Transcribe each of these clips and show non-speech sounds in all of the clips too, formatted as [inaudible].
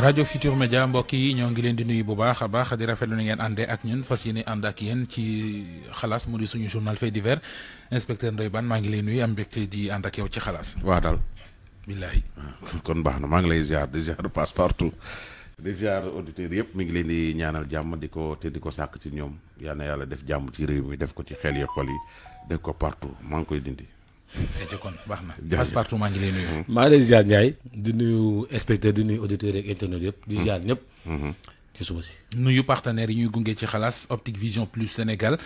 rajo Futur Media mbokk yi ñoo ngi leen di nuyu bu baax a baax di rafetlu na ngeen àndee ak ñun fas yéene ànd ak yéen ci xalaas mu di suñu journal fait divers inspecteur Ndoye Bane maa ngi lay nuyu am mbégte di ànd ak yow ci xalaas. waa daal. billahi ah, kon baax na maa ngi lay ziar di ziar passe partout di ziar auditeurs yëpp mu ngi leen di ñaanal jàmm di ko te di ko sàkk ci ñoom yal na yàlla def jàmm ci réew mi def ko ci xel yi xol yi def ko partout maa ngi koy dindi. kon baax na Passepartout maa ngi lay nuyu. maa ngi lay ziar Ndiaye nuyu inspecteur di nuy auditeurs yeeg internet yëpp di ziar ñëpp. Mm-hmm. ci suba nuyu partenaires yi ñuy gunge ci xalaas Optique Vision Plus Sénégal.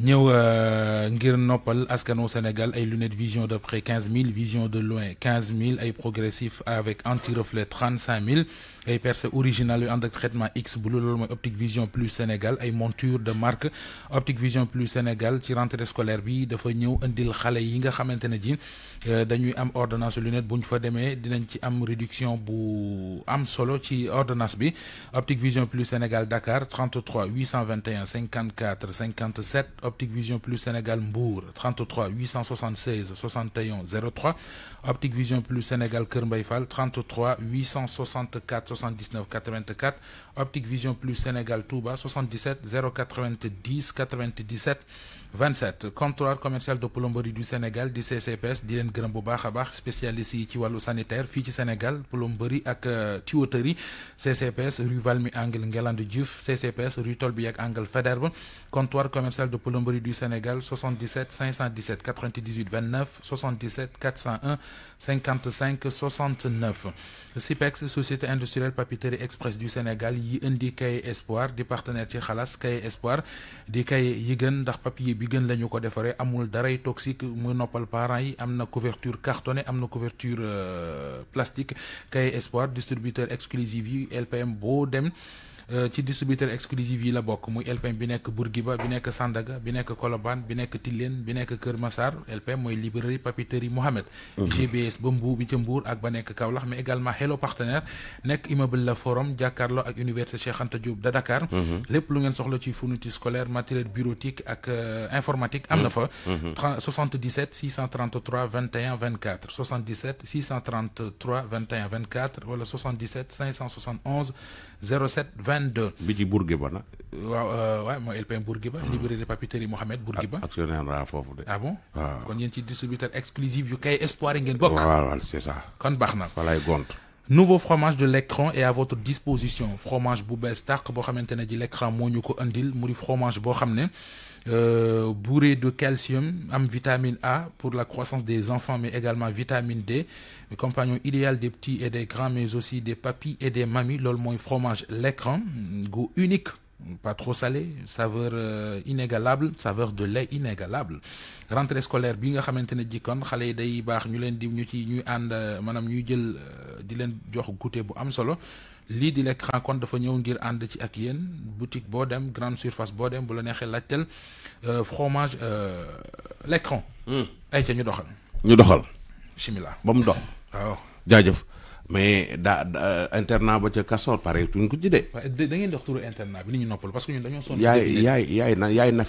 ñew euh, ngir noppal Sénégal ay lunettes vision de près 15000 vision de loin 15 000, et progressif avec anti-reflet 35 000. Et ay originale, originales en traitement X bleu loolu vision plus Sénégal ay monture de marque optique vision plus Sénégal ci rentrée scolaire bi dafa ñew andil xalé yi nga ji euh, am ordonnance lunettes lunettes fa démé dinañ am réduction bu am solo ci ordonnance bi optique vision plus Sénégal Dakar 33 821 54 57. Optique Vision Plus Sénégal Mbour 33 876 61 03 Optique Vision Plus Sénégal Kermbaïfal 33 864 79 84 Optique Vision Plus Sénégal Touba 77 090 97 27 comptoir commercial de plomberie du Sénégal du CCPS di leen spécialiste sanitaire Fiji Sénégal plomberie ak euh, tuyauterie CCPS rue Valmi angle Djuf, Diouf CCPS rue Tolbiac angle Federbe comptoir commercial de plomberie du Sénégal 77 517 98 29 77 401 55 69 CPEX, société industrielle papeterie express du Sénégal yi indi espoir des partenaire ci xalaas espoir DK Yigan yi papier bi gën la ko défaré amul daraay toxique mu noppal parents yi amna couverture cartonné amna couverture euh, plastique kay Espoir distributeur exclusif yi LPM boo dem euh, ci distributeur exclusif yi la bokk muy LPM bi nekk Bourguiba bi nekk Sandaga bi nekk Colobane bi nekk Tilène bi nekk Kër Massar LPM mooy librairie papeterie Mohamed mhm. GBS ba Mbour bi ca Mbour ak ba nekk Kaolack mais également Hello Partenaire nekk immeuble la Forum D'Akarlo ak université Cheikh Anta Diop de Dakar mhm. lépp lu ngeen soxla ci fourniture scolaire matériel bureautique ak euh, informatique am fa 77 633 21 24 77 633 21 24 wala 77 571 07 20 22. bi ci Bourguiba moi waaw waaw euh, mooy LPM Bourguiba. Ah. librairie papeterie Mohamed Bourguiba. Ah, actionnaire laa foofu ah bon waaw kon yéen ci distributeur exclusif yu kay espoir yi ngeen bokk. c'est ça. Quand Barna. Voilà, gont. nouveau fromage de l'écran est à votre disposition fromage boubestar, bees tàq di l'écran moo ñu andil fromage bohamne. Euh, bourré de calcium, am vitamine A pour la croissance des enfants, mais également vitamine D, compagnon idéal des petits et des grands, mais aussi des papis et des mamies. le fromage l'écran, goût unique. pas trop salé saveur euh, inégalable saveur de lait inégalable rentrée scolaire lii di lekk rencontre dafa ñëw ngir ànd ci ak yéen boutique boo dem grande surface boo dem bu la neexee laajteel euh, fromage euh, l'écran hmm. ay ca ñu doxal ñu doxal bismillah ba mu dox waaw jaajëf mais daa internat ba ca Castor pare tuñ ko ci de. waaye da ngeen di wax turu internat bi ni ñu noppal parce que ñun dañoo sonn. yaay na yaay ah,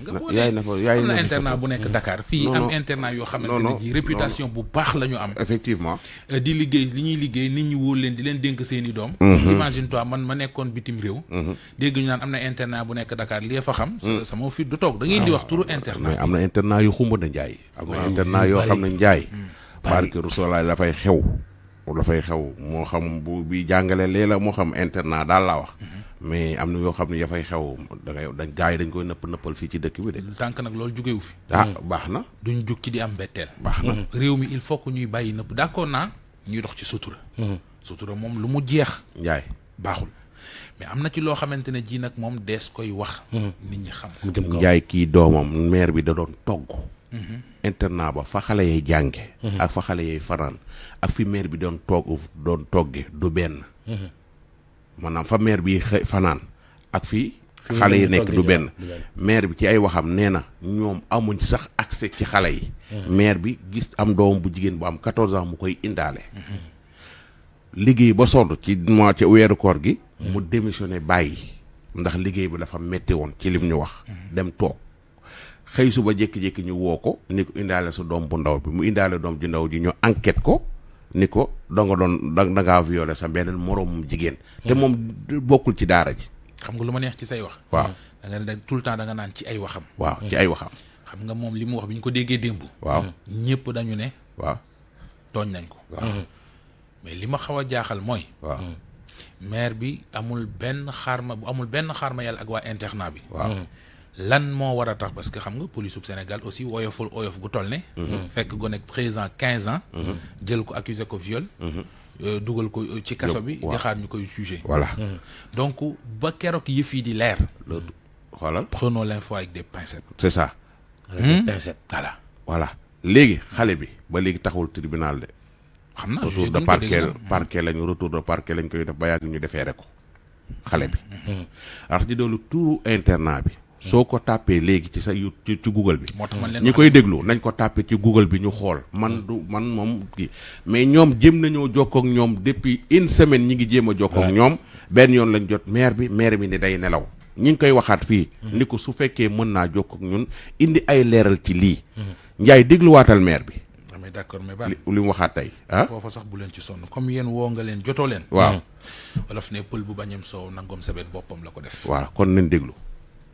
nga boo yaay internat bu nekk dakaar fii am internat yoo xam ne ji réputation bu baax la ñu am. effectivement. Euh, di liggéey li ñuy liggéey nit ñi wóor leen di leen dénk seeni doom. Mhm. imagine toi man ma nekkoon bitim réew. Mhm. dégg ñu naan am na internat bu nekk Dakar xam. Mhm. sama fit du toog da ngeen ah. wax turu internat. mais am na internat yu xumb na Njaay. am na internat yoo xam ne Njaay mm. barke Rasulaay la fay xew la fay xew moo xam bu bi jàngale lee la moo xam internat daal laa wax mais am na yoo xam ne ya fay xew da dañ gars yi dañ koy nëpp nëppal fii ci dëkk bi de tànk nag loolu jógewu fi ah hmm. baax na duñ jug ci di am mbetteel baax na hmm. réew mi il faut que ñuy bàyyi nëpp d'accord naa ñuy dox ci sutura hmm. sutura moom lu mu jeex njaay baaxul mais am na ci loo xamante ne jii nag moom dees koy wax nit ñi xam njaay kii doomam maire bi da doon togg internat ba fa xale yay jànge mhm. ak fa xale yay fanaan ak fi maire bi doon togge du benn mhm. maanaam fa maire bi fanaan ak fi xale yi nekk du benn maire bi ci ay waxam nee na ñoom amuñ sax akse ci xale yi mhm. maire bi gis am doom bu jigéen bu am quatorze mu koy indaale liggéey ba sonn ci mois ci weeru koor gi mu démissionné bàyyi ndax liggéey bi dafa metti woon ci lim ñu wax dem toog xëy suba jékki-jékki woo ko ni ko indaale sa doom bu ndaw bi mu indaale doom ju ndaw ji ñu enquête ko ni ko da nga doon da ngaa violé sa beneen moroomum jigéen mm-hmm. moom bokkul ci daara ji xam nga lu ma neex ci say wax waaw mm-hmm. da nga tout le temps danga naan ci ay waxam waaw ci mm-hmm. ay waxam xam nga moom li mu wax bi ñu ko déggee démb waaw ñëpp dañu ne waaw tooñ nañ ko waaw mais li ma xaw a jaaxal mooy waaw maire bi amul benn xaar ma bu amul benn xaarma yàlla ak waa internat bi waaw lan mo wara parce que xam police au Sénégal aussi woyoful woyof gu toll mhm. fekk ans 15 ans. Mhm. ko accusé ko viol. Mhm. Euh, dougal ko euh, ci kasso bi. di voilà donc ba kérok di prenons l'info avec des pincettes. c'est ça. avec des hmm? pincettes. voilà voilà légui xalé bi ba tribunal de. xamna parquet parquet lañu retour de parquet lañ koy def ba ñu ko bi. Hmm. Hmm. internat soo ko tàppee léegi ci sa yu ci Google bi. moo tax man leen ñi koy déglu nañ ko tàppee ci Google bi ñu xool. man du man moom kii mais ñoom jéem nañoo jokkook ñoom depuis une semaine ñi ngi jéem a jokkoo ñoom. benn yoon lañ jot maire bi maire bi ni day nelaw. ñi ngi koy waxaat fii. Mm-hmm. ni ko su fekkee mën naa jokkoo ñun indi ay leeral ci lii. Mm-hmm. njaay dégluwaatal maire bi. Ah, mais d'accord mais baax li mu waxaat tey ah. foofa sax bu leen ci sonn comme yéen woo nga leen jotoo leen. waaw mm-hmm. wolof ne pël bu bañam soow nangoom sabet boppam la ko def. voilà kon nañ déglu.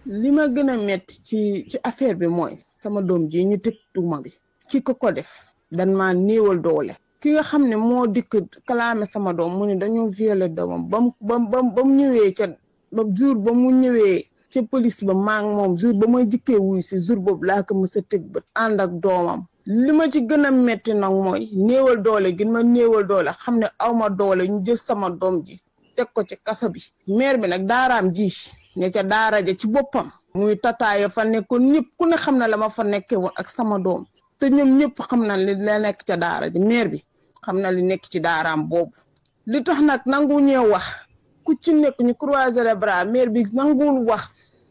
li ma gën a metti ci ci affaire bi mooy sama doom ji ñu teg tuuma bi ki ko ko def dan maa néewal doole ki nga xam ne moo dikk kalaame sama doom mu ne dañoo violé doomam ba mu ba mu ba mu ñëwee ca ba ba mu ñëwee ci police ba maa ngi moom jour ba may jikkee wuy si jour boobu laa ko mës a teg bët ànd ak doomam li ma ci gën a metti nag mooy néewal doole gën ma néewal doole xam ne awma doole ñu jël sama doom ji teg ko ci kaso bi maire bi nag daaraam ji ña ca daara ja ci boppam muy tataayo fa nekkoon ñëpp ku ne xam na la ma fa nekkee woon ak sama doom te ñoom ñëpp xam na li la nekk ca daara ji maire bi xam na li nekk ci daaraam boobu li tax nag nangu ñee wax ku ci nekk ñu bi nanguwul wax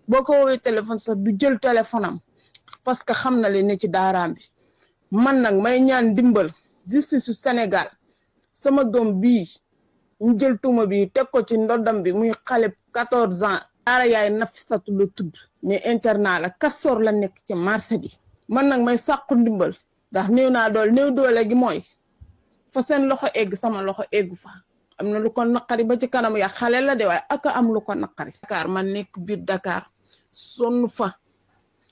boo ko woowee téléphone sax du jël téléphonam parce que xam na li ne ci daaraam bi man nag may ñaan dimbal justice su Sénégal sama doom bi ñu jël tuuma bi teg ko ci ndodam bi muy xale 14 ans aara yaay Nafisatu la tudd mais internat la kastoor la nekk ci marché bi man nag may sàqu ndimbal ndax néew naa doole néew doole gi mooy fa seen loxo egg sama loxo eggu fa am na lu ko naqari ba ci kanam ya xale la de waaye aka am lu ko naqari Dakar man nekk biir dakaar sonn fa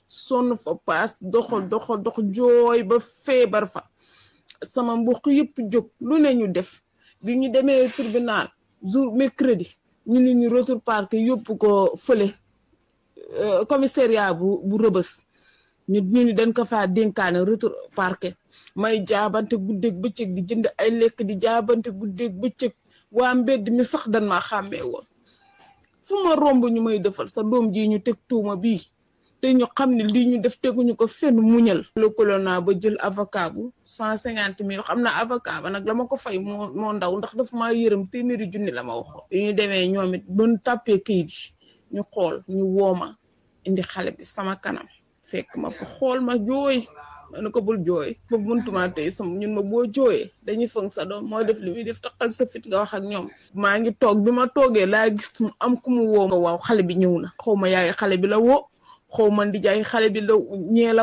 sonn fa paas doxo doxo dox jooy ba feebar fa sama mbokk yëpp jóg lu ne ñu def bi ñu demee tribunal jour crédit ñu nit ñi retour parquet yóbbu ko fële euh, commissariat bu bu rëbës ñu ñu ni dañ ko faa dénkaane retour parquet may jaabante guddeeg bëccëg di jënd ay lekk di jaabante bu bëccëg waa mbedd mi sax dan maa xàmmee woon fu ma romb ñu may defal sa doom ji ñu teg tuuma bii te ñu xam ne lii ñu def teguñu ko fenn muñal lëkkaloo naa ba jël avocat bu cent cinquante mille xam naa avocat ba nag la ma ko fay moo moo ndaw ndax dafa maa yërëm téeméeri junni la ma wax yu ñu demee ñoom it bën tàppee kayit yi ñu xool ñu wooma indi xale bi sama kanam fekk ma xool ma jooy ma ne ko bul jooy ba muntuma tey sama ñun ma boo jooyee dañuy fëng sa doom moo def li muy def taxal sa fit nga wax ak ñoom maa ngi toog bi ma toogee laa gis mu am ku mu woo nga waaw xale bi ñëw na xaw ma yaay xaw ma di jaay xale bi la ñee la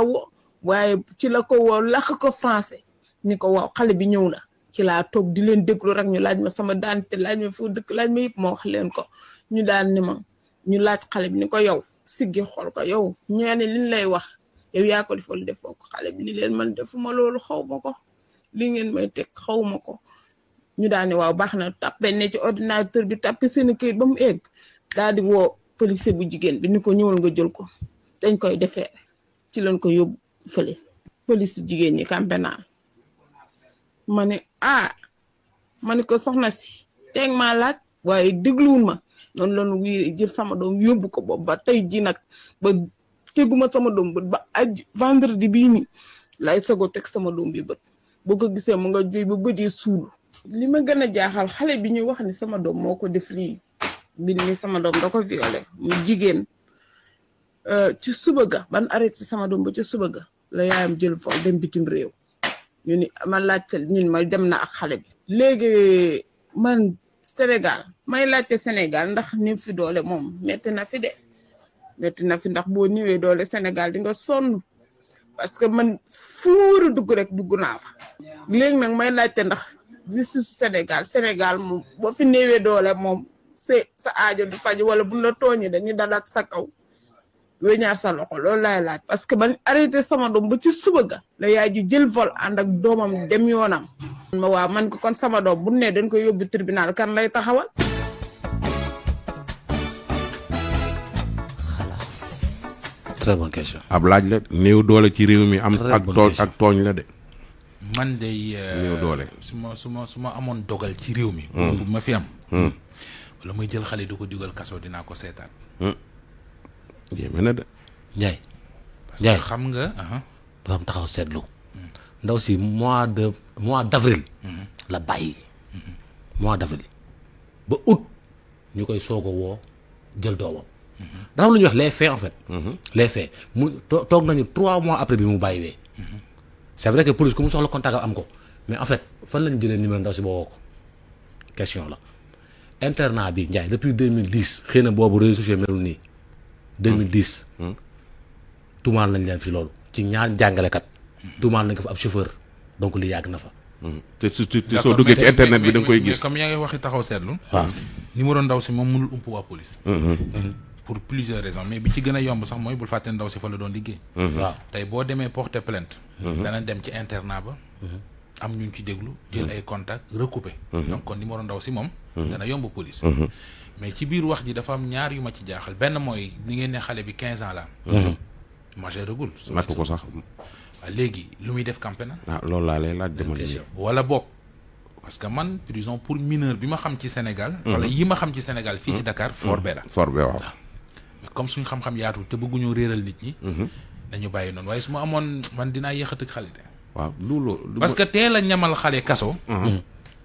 waaye ci la ko woo làkk ko français ni ko waaw xale bi ñëw na ci laa toog di leen déglu rek ñu laaj ma sama daante laaj ma foo dëkk laaj ma yëpp ma wax leen ko ñu daan ni ma ñu laaj xale bi ni ko yow siggi xool ko yow ñeene liñ lay wax yow yaa ko defal xale bi ni leen man defuma loolu xaw ma ko li ngeen may teg xaw ko ñu daani ne waaw baax na tappe ne ci ordinateur bi tappe seen kayit ba mu egg daal di woo policier bu jigéen bi ni ko ñëwal nga jël ko dañ koy defee ci lañ ko yob feulé police jigéen ñi campenal mané ah mané ko soxna si teng malak lak waye dégluwul ma non lañ wiir jël sama doom yob ko bob ba tay ji nak ba teguma sama dom, buk ba aj vendredi bi ni lay sago tek sama dom bi bët boo ko gisee mu nga joy bu bët yi lima gëna jaaxal xalé bi ñu wax ni sama doom moko def li bi ni sama doom da ko violé mu jigéen Euh, ci suba ga ban arrêté sama doom ba ca suba ga la yaayam jël vol dem bitim réew ñu ni ma laajte ñun ma dem na ak xale bi léegi man Sénégal may laajte Sénégal ndax ni fi doole moom metti na fi de metti na fi ndax boo ñëwee doole Sénégal di nga sonn parce que man fu war dugg rek dugg naa fa léegi nag may laajte ndax justice Sénégal Sénégal moom boo fi néewee doole moom c'est sa aajo du faj wala bu la tooñee dañuy dalaat sa kaw weñaar sa loxo loolu laay laaj parce que ban arrêté sama doom ba ci suba ga la yaay jël vol ànd ak doomam dem yoonam ma waa man ko kon sama doom bu ne dañ ko yóbbu tribunal kan lay taxawal très bonne question ab laaj la néew doole ci réew mi am ak tooñ ak tooñ la de man day euh, néew doole suma suma suma amoon dogal ci réew mi bu hmm. ma fi am hmm. wala muy jël xale di ko dugal kaso dinaa ko seetaat hmm. yéeme na de. Ndiaye. parce que xam nga. dafa uh-huh. am taxaw seetlu. ndaw si mois de mois d' avril. Mm-hmm. la bàyyi. Mm-hmm. mois d' avril. ba août ñu koy soog a woo jël doomam. Mm-hmm. dafa am lu ñuy wax les faits en fait. les faits mu toog nañu trois mois après bi mu bàyyiwee. c' est vrai que police ku mu soxla contact am ko mais en fait fan lañ jëlee numéro ndaw si ba woo ko question la internat bi Ndiaye depuis 2010 xëy na boobu réseaux sociaux melul nii. 2010. Hmm. tuumaal nañ leen fi loolu ci ñaar jàngalekat. Hmm. tuumaal nañ ko fa ab chauffeur donc li yàgg na fa. Hmm. te su te soo duggee ci internet bi da nga koy gis. comme yaa ngi waxi taxaw seetlu. waaw numéro ndaw si moom mënul ump waa police. pour plusieurs raison mais bi ci gën a yomb sax mooy bul fàtte ndaw si fa la doon liggéey. waaw tey boo demee porter plainte. dana dem ci internat ba. am ñu ci déglu. jël ay contact recoupé. donc kon numéro ndaw si moom. dana yomb police. mais ci biir wax ji dafa am ñaar yu ma ci jaaxal benn mooy ni ngeen ne xale bi 15 ans la am. Mhm. majeuragul. matu ko sax. Ah, léegi lu muy def campagne. ah loolu laa lay laaj demal nii wala boog parce que man prison pour mineur bi ma xam ci Sénégal. Mhm. wala yi ma xam ci Sénégal fii ci mhm. Dakar. Forbe la Forbe waaw. Ah. mais comme suñu xam-xam yaatu te bëgguñoo réeral nit ñi. dañu bàyyi noonu waaye su ma amoon man dinaa yéex a tëj xale de. waaw loolu. parce que teel a ñamal xale kaso.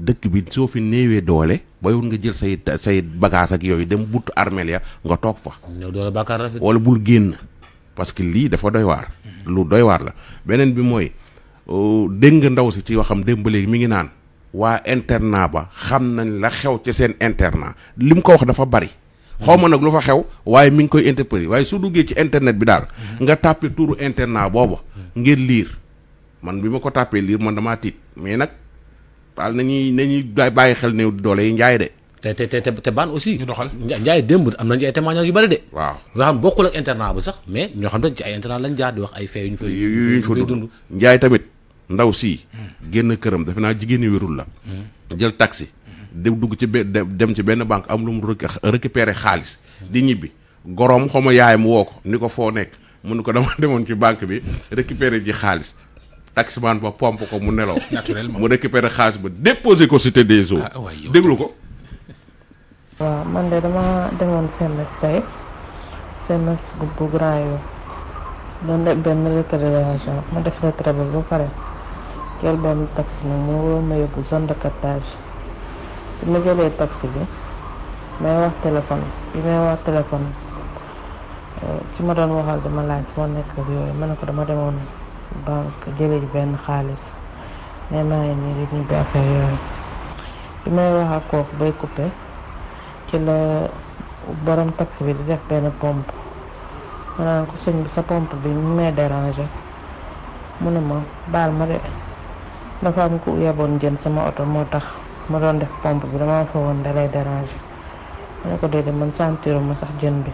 dëkk bi soo fi néewee doole bayul nga jël say say bagage ak yooyu dem butt armeel ya nga toog fa. néew doole bàkkaar wala bul génn parce que lii dafa doy waar. lu doy waar la beneen bi mooy euh, dégg nga ndaw si ci waxam démb léegi mi ngi naan waa internat ba xam nañ la xew ci seen internat li mu ko wax dafa bari. xaw ma nag lu fa xew waaye mi ngi koy interpellé waaye su duggee ci internet bi daal. nga tàppe turu internat boobu. ngir liir man bi ma ko tàppee liir man damaa tiit mais nag. na ñuy na ñuy bàyyi xel néew doole yi njaay de. te te te te baan aussi. ñu doxal njaay démb am na ci ay témoignages bëri de. waaw nga xam bokkul ak internat sax mais ñoo xam ne ci ay internat lañ jaar wax ay fee yu ñu fay. yu ñu tamit ndaw sii. Hmm. génn këram defe naa jigéen ñi wérul la. Hmm. jël taxi. Hmm. dem dugg ci be dem ci benn banque am lu mu récupérer xaalis. di ñibbi goroom xaw ma yaayam woo ko ni ko foo nekk. mu nu ko dama [laughs] demoon ci banque bi récupérer ji xaalis taximan ba pompe ko mu nelaw. naturellement mu récupéré xaalis ba déposé ko cité des eaux. Ah, déglu ko. waaw man de dama demoon CMS tey CMS bu Grand Yoff doon de ma def retrait ba ba pare jël benn taxi nag mu woo ma yóbbu zone de ma jëlee taxi bi may wax téléphone bi may wax téléphone ci euh, ma doon waxal dama laaj foo nekk yooyu ma ne ko dama demoon. bank jële ji benn xaalis mais maa ngi nii rek ñu bi affaire yooyu bi may wax ak kooku bay coupé ci la borom taxi bi di def benn pompe mu naan ko sëñ bi sa pompe bi mu may dérangé mu ne ma baal ma de dafa am ku yeboon jën sama oto moo tax ma doon def pompe bi dama fa woon dalay dérangé mu ne ko déedéet man sentiru ma sax jën bi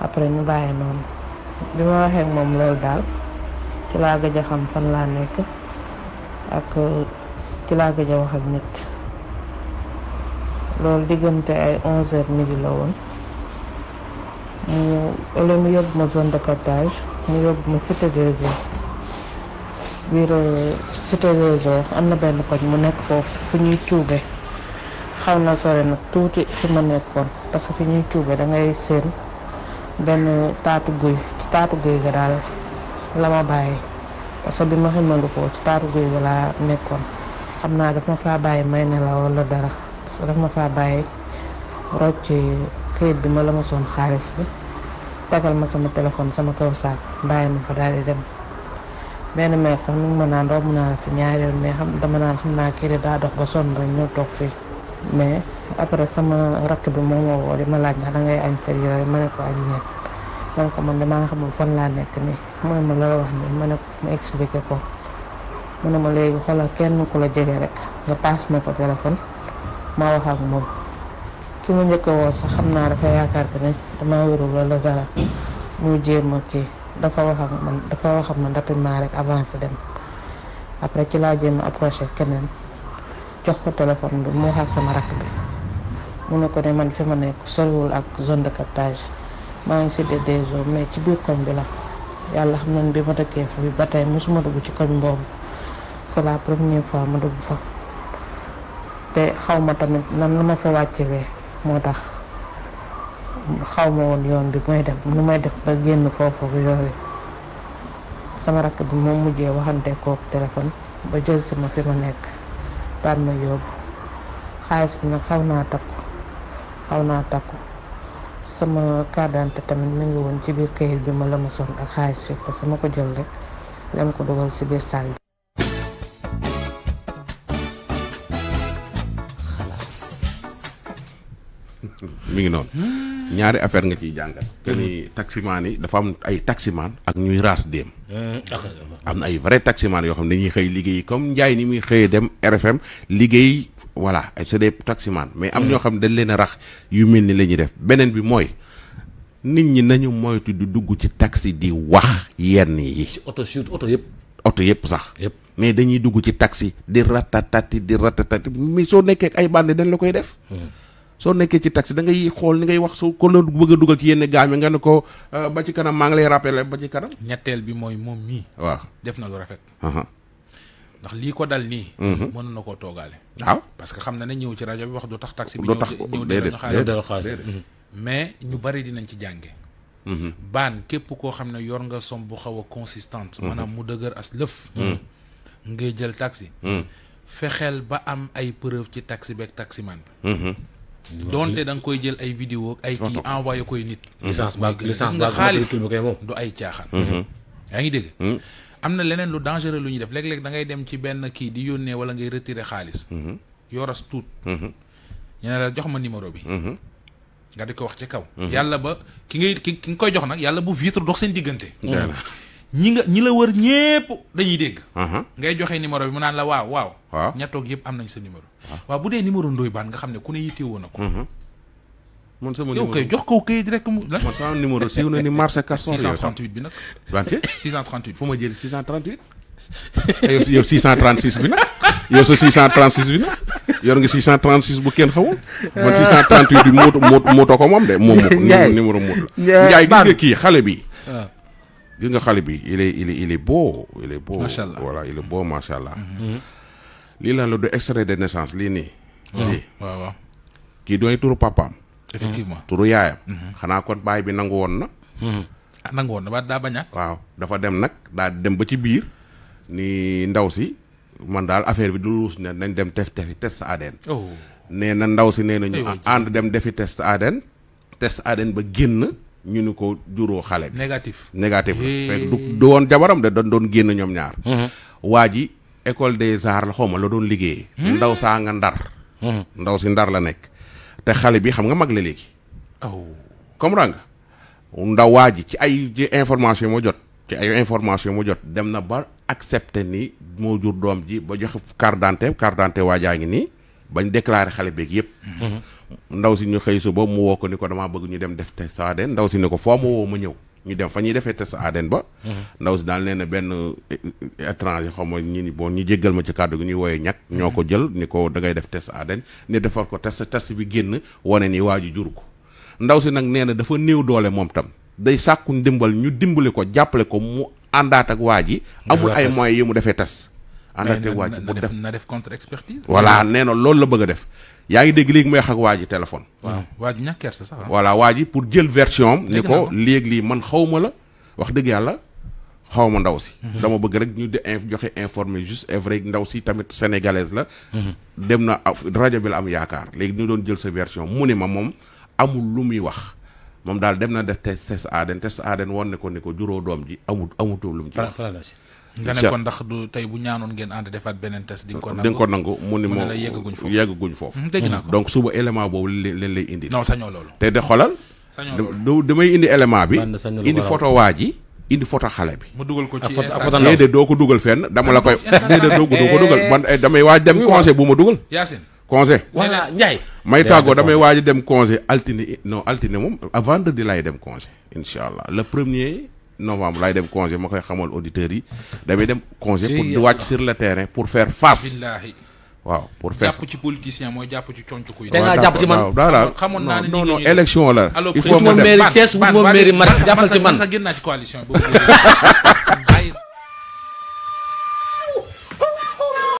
après ñu bàyyi noonu bi ma waxee moom loolu daal ci laa gëj a xam fan laa nekk ak ci laa gëj a wax nit loolu diggante ay onze heures midi la woon mu ole mu yóbbu ma zone de captage mu yóbbu ma cité des eaux biir cité des eaux am na benn koñ mu nekk foofu fu ñuy cuube xaw na sore nag tuuti fi ma nekkoon parce que fi ñuy cuube da ngay seen benn taatu guy ci taatu guy ga daal la ma bàyyi parce que bi ma ko ci taaru guy gi laa nekkoon xam naa daf ma faa bàyyi may ne la wala dara parce que daf ma faa bàyyi ci këyit bi ma la ma soon xaalis bi tagal ma sama téléphone sama kaw saak bàyyi ma fa daal di dem benn meer sax nu mu ma naan romb naa la fi ñaari yoon mais xam dama naan xam naa kii daa dox ba sonn ñu ñëw toog fii mais après sama rakk bi moom moo woo di ma laaj ndax dangay añ sa yooyu ma ne ko man ko man damaa xamul fan laa nekk nii mu ne ma loo wax nii ma ne ma expliqué ko mu ne ma léegi xoolal kenn ku la jege rek nga paas ma ko téléphone ma wax moom ki ma njëkk woo sax xam naa dafa yaakaar que ne damaa wérul wala dara muy jéem a kii dafa wax man dafa wax ak man rapidement rek avancé dem après ci laa jéem a approché keneen jox ko téléphone bi mu wax sama rakk bi mu ne ko ne man fi ma nekk soriwul ak zone de captage. maa ngi cité des eaux mais ci biir koñ bi la yàlla xam nañ bi ma dëkkee fii ba tey mosuma dugg ci koñ boobu c'est la première fois ma dugg fa te xaw ma tamit nan la ma fa wàccewee moo tax xaw ma woon yoon bi may def nu may def ba génn foofu yooyu sama rakk bi moom mujjee waxante kooku téléphone ba jël si ma fi ma nekk daan ma yóbbu xaalis bi nag xaw naa takku xaw naa takku sama carte d'identité tamit mi ngi woon ci biir bi ma la ma sonn ak xaalis bi parce ma ko jël rek dem ko dugal si biir bi. mi ngi noonu. ñaari affaire nga ciy jàngat. que ni taximaan yi dafa am ay taximaan. ak ñuy raas dem. Hmm. am na ay vrai taximaan yoo xam ne ñuy xëy liggéey comme Ndiaye ni muy xëyee dem RFM liggéey. voilà c'est des taximan mais am mm-hmm. ñoo xam ne dañ leen a rax yu mel ni la ñuy def beneen bi mooy nit ñi nañu moytu di dugg ci taxi di wax yenn yi. ci oto surtout oto yëpp. oto yëpp sax. yëpp mais dañuy dugg ci taxi di ratatati di ratatati mais soo nekkee ay bande dañ la koy def. Mm-hmm. soo nekkee ci taxi da ngay xool ni ngay wax soo ko la bëgg a dugal ci yenn gaam yi nga ne ko euh, ba ci kanam maa ngi lay rappeler ba ci kanam. ñetteel bi mooy moom mii. waaw def na lu rafet. ndax lii ko dal nii. Mhm. mënoon na koo toogaale. waaw parce que xam na ne ñëw ci rajo bi wax doo tax taxi bi. du tax ñëw déedéet mhm. mais ñu bari dinañ ci jànge mhm. baan képp koo xam ne yor nga som bu xaw a consistante. maanaam mu dëgër as lëf. ngay jël taxi. fexeel ba am ay preuve ci taxi beeg taximan bi. doonte da nga koy jël ay vidéo ay kii envoyé koy nit. licence ba licence ba nga xaalis du ay caaxaan. yaa ngi dégg. am na leneen lu dangereux lu ñuy def léeg-léeg dangay dem ci benn kii di yónnee wala ngay retirer xaalis. Mhm. yoras tuut. Mhm. ñu la jox ma numéro bi. Mhm. nga di ko wax ci kaw. yàlla ba ki ngay ki nga koy jox nag yàlla bu vitre dox seen diggante. ñi nga ñi la wër ñépp dañuy dégg. ngay joxe numéro bi mu naan la waaw waaw. waaw ña toog yëpp am nañ sa numéro. waa bu dee numéro Ndoye Bane nga xam ne ku ne woon na ko. man sama numéro yow kay jox ko këyit rek mu lan. man sama numéro siiw na ni marché Castor. 638 bi nag. wante 638 fu ma jël 638. [laughs] yow 636 bi nag yow sa 636 bi nag yor nga 636 bu kenn xawul man 638 [laughs] bi moto moto ko moom de moom moom [laughs] numéro moto la Ndiaye gis nga kii xale bi ah. gis nga xale bi il est il est il est beau il est beau macha allah voilà il est beau macha allah mm-hmm. lii laa la du extrait de naissance lii nii lii waaw waaw kii dooy turu papaam effectivement turu yaayam. Mhm. xanaa kon baay bi nangu woon na. Mhm. ah nangu a. waaw dafa dem nag daa dem ba ci biir ni ndaw si man daal affaire bi du luus ne nañ dem def defi test ADN. Oh. nee na ndaw si nee na ñu ànd dem defi test ADN. test ADN ba génn ñu ni ko juróo xale bi. négatif négatif du woon jabaram de doon doon génn ñoom ñaar. Mhm. waa ji école des arts la xaw la doon liggéeyee. Hmm. ndaw saa nga ndar. Hmm. ndaw si ndar la nekk. te xale bi xam nga mag la léegi. aw oh. comprendre nga. ndawaa ji ci ay information moo jot ci ay information moo jot dem na ba accepté ni moo jur doom ji ba joxe carte d'identité carte d'identité waajaa ngi nii bañ déclaré xale beek yëpp. Mm-hmm. ndaw si ñu xëy suba mu woo ko ni ko damaa bëgg ñu dem def test ADN ndaw si ni ko foo ma woo ma ñëw. ñu dem fa ñuy defee sa adden ba. Mhm. ndaw si daal nee na benn eh, eh, étranger xaw ma ñu ni boo ñu jéggal ma ci kàddu gi ñuy woowee ñàkk. ñoo mhm. ko jël ni ko dangay def sa ADN ni defar ko test tes bi génn wane ni waa ji jur ko ndaw si nag nee na dafa néew doole moom tam day sàkku ndimbal ñu dimbali ko jàppale ko mu àndaat ak waa ji. amul ay moyens yi mu defee tes ànd te waa ji bu def na def contre expertise. voilà nee na loolu la bëgg def yaangi ngi dégg léegi may wax ak waa ji téléphone. waaw waa ji ñàkk sax ah. voilà waa pour jël version am. ni ko léegi lii man xaw la wax dëgg yàlla. xaw ma ndaw si. Mhm. dama bëgg rek ñu di joxe informé juste et vrai ndaw si tamit sénégalaise la. Mhm. dem na rajo bi la am yaakaar léegi ñu doon jël sa version mu ne ma moom amul lu muy wax moom daal dem na def test test ADN test ADN woon ne ko ne ko juróom doom ji amul amutul lu mu ci nga ne ko ndax du tay bu ñaanon ngeen ànd defat benen test di ko nangu di ko nangu mu ni moom yeggaguñ foofu yeggaguñ donc suba élément bobu leen lay indi non sañoo lolu tay de xolal sañoo damay indi élément bi indi photo waa indi photo xalé bi. mu duggal ko ci ah, instant déedéet do ko duggal fenn dama la koy. déedéet de do ko duggal man eh, damay waaj dem conseil bu ma dugal. Yacine conseil. voilà ñay may tàggoo damay waaj dem conseil altine non altine moom avant de lay dem conseil inshallah le premier novembre lay dem congé ma koy xamal auditeurs yi damay dem congé pour di wàcc sur le terrain pour faire face waaw pour faire jàpp ci politicien mooy jàpp ci conc kuy da nga jàpp ci man voilà xamoon naa ne non non élection la il faut ma dem mairie Thiès wut ma mairie Maristes jàppal ci man sax génn naa ci coalition